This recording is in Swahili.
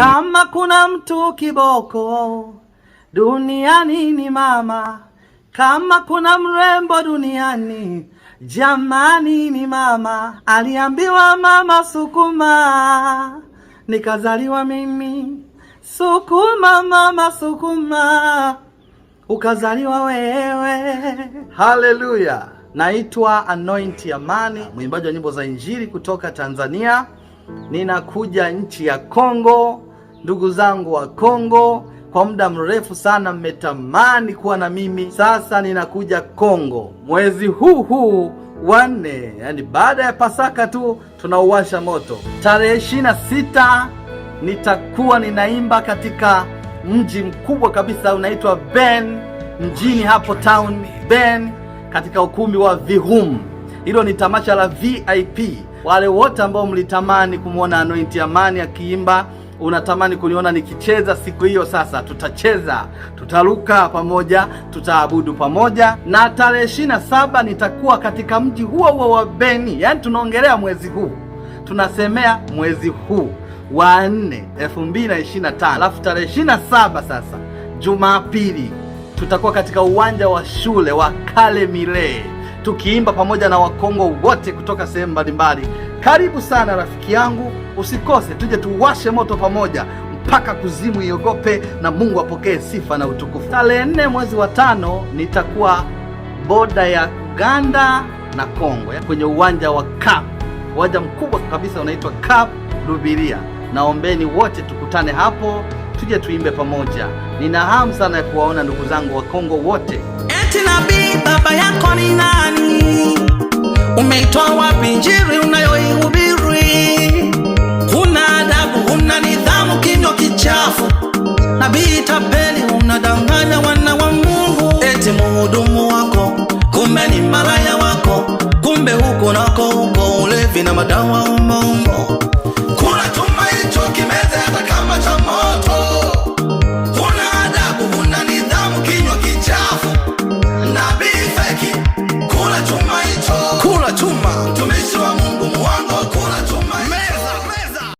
Kama kuna mtu kiboko duniani ni mama, kama kuna mrembo duniani jamani ni mama. Aliambiwa mama sukuma, nikazaliwa mimi. Sukuma mama sukuma, ukazaliwa wewe. Haleluya! Naitwa Anointi Amani, mwimbaji wa nyimbo za injili kutoka Tanzania. Ninakuja nchi ya Kongo ndugu zangu wa Kongo, kwa muda mrefu sana mmetamani kuwa na mimi. Sasa ninakuja Kongo mwezi huu huu wa nne, yani baada ya Pasaka tu tunauwasha moto. Tarehe ishirini na sita nitakuwa ninaimba katika mji mkubwa kabisa unaitwa Ben, mjini hapo town Ben, katika ukumbi wa Vihum. Hilo ni tamasha la VIP. Wale wote ambao mlitamani kumwona Anointi Amani akiimba unatamani kuniona nikicheza siku hiyo. Sasa tutacheza, tutaruka pamoja, tutaabudu pamoja, na tarehe ishirini na saba nitakuwa katika mji huo huo wa Beni. Yaani tunaongelea mwezi huu, tunasemea mwezi huu wa nne elfu mbili na ishirini na tano alafu tarehe ishirini na saba sasa Jumapili tutakuwa katika uwanja wa shule wa Kale Mile tukiimba pamoja na Wakongo wote kutoka sehemu mbalimbali. Karibu sana rafiki yangu, usikose, tuje tuwashe moto pamoja mpaka kuzimu iogope, na Mungu apokee sifa na utukufu. Tarehe nne mwezi wa tano nitakuwa boda ya Uganda na Kongo kwenye uwanja wa CAP, uwanja mkubwa kabisa unaitwa CAP Lubiria. Naombeni wote tukutane hapo, tuje tuimbe pamoja. Nina hamu sana ya kuwaona ndugu zangu wa Kongo wote. Eti nabii baba yako ni nani? Umeitoa wapi njiri unayoihubiri? Huna adabu, huna nidhamu, kinywa kichafu, nabii tapeli, unadanganya wana wa Mungu. Eti muhudumu wako, kumbe ni malaya wako, kumbe huko nako huko ulevi na madawa umo